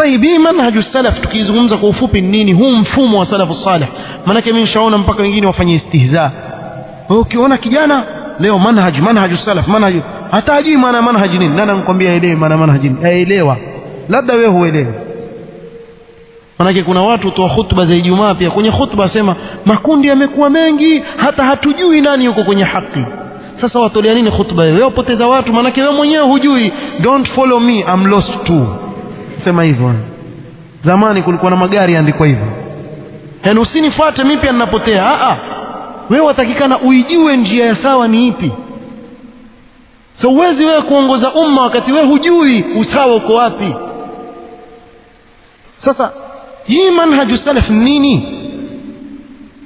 Tayib, manhaju salaf tukizungumza kwa ufupi nini? Huu mfumo wa salafu salih, maanake mi nishaona mpaka wengine wafanye istihza. Wewe ukiona kijana leo manhaj manhaju salaf manhaj, hata ajui maana manhaj nini. Nani anakuambia aelewe maana manhaj nini? Aelewa, labda wewe huelewe manake kuna watu toa hutuba za Ijumaa, pia kwenye hutuba asema makundi yamekuwa mengi, hata hatujui nani yuko kwenye haki. Sasa watolea nini hutuba hiyo? Wewe wapoteza watu, maanake wewe mwenyewe hujui. Don't follow me I'm lost too kusema hivyo. Zamani kulikuwa na magari yaandikwa hivyo, yaani usinifuate mimi pia ninapotea. A ah, a, ah. wewe watakikana uijue njia ya sawa ni ipi. So uwezi wewe kuongoza umma wakati wewe hujui usawa uko wapi. Sasa hii manhaju salaf nini?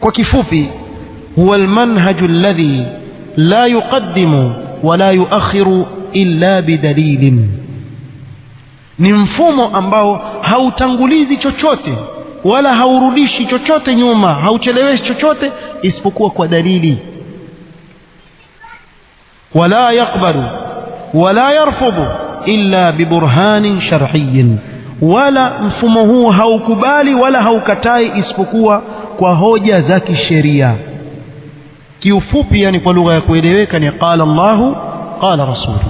Kwa kifupi, huwa almanhaju alladhi la yuqaddimu wala yuakhiru illa bidalilin ni mfumo ambao hautangulizi chochote wala haurudishi chochote nyuma, haucheleweshi chochote isipokuwa kwa dalili. Wala yakbalu wala yarfudhu illa biburhanin shar'iyyin, wala mfumo huu haukubali wala haukatai isipokuwa kwa hoja za kisheria. Kiufupi, yani kwa lugha ya kueleweka ni qala Allahu qala rasuluhu,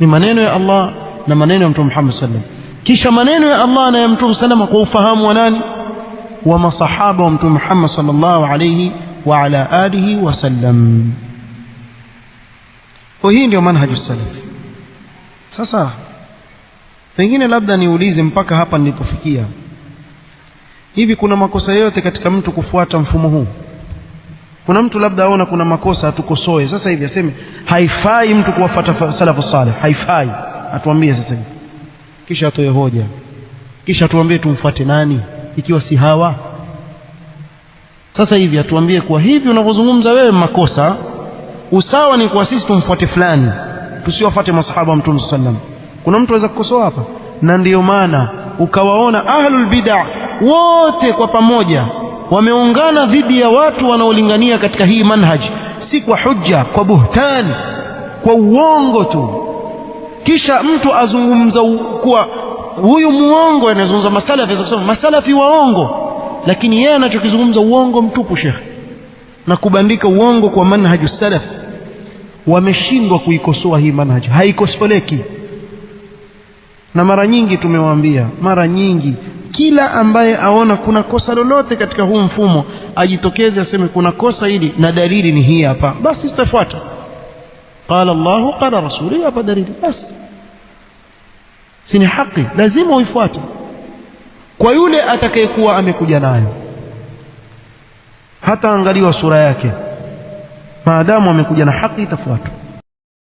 ni maneno ya Allah na maneno ya Mtume Muhammad sallam, kisha maneno ya Allah na ya Mtume sallam kwa ufahamu wa nani? Wa masahaba wa Mtume Muhammad sallallahu alayhi wa ala alihi sallam. Kwa hii ndio manhaju salaf. Sasa pengine labda niulize mpaka hapa nilipofikia, hivi kuna makosa yote katika mtu kufuata mfumo huu? Kuna mtu labda aona kuna makosa, atukosoe sasa hivi aseme haifai mtu kuwafuata salafu salih, haifai atuambie sasa hivi, kisha atoe hoja, kisha atuambie tumfuate nani ikiwa si hawa. Sasa hivi atuambie kuwa hivi unavyozungumza wewe makosa, usawa ni kuwa sisi tumfuate fulani, tusiwafuate masahaba wa Mtume salam Kuna mtu aweza kukosoa hapa, na ndiyo maana ukawaona ahlul bid'a wote kwa pamoja wameungana dhidi ya watu wanaolingania katika hii manhaji, si kwa hujja, kwa buhtani, kwa uongo tu kisha mtu azungumza kuwa huyu muongo anazungumza masalafi, aweza kusema masalafi waongo, lakini yeye anachokizungumza uongo mtupu, shekhe, na kubandika uongo kwa manhaju salaf. Wameshindwa kuikosoa hii manhaji, haikosoleki. Na mara nyingi tumewaambia, mara nyingi, kila ambaye aona kuna kosa lolote katika huu mfumo ajitokeze aseme kuna kosa hili na dalili ni hii hapa, basi sitafuata qala Allahu qala rasuli hapa dalili basi si ni haki lazima uifuate kwa yule atakayekuwa amekuja nayo hata angaliwa sura yake maadamu amekuja na haki itafuatwa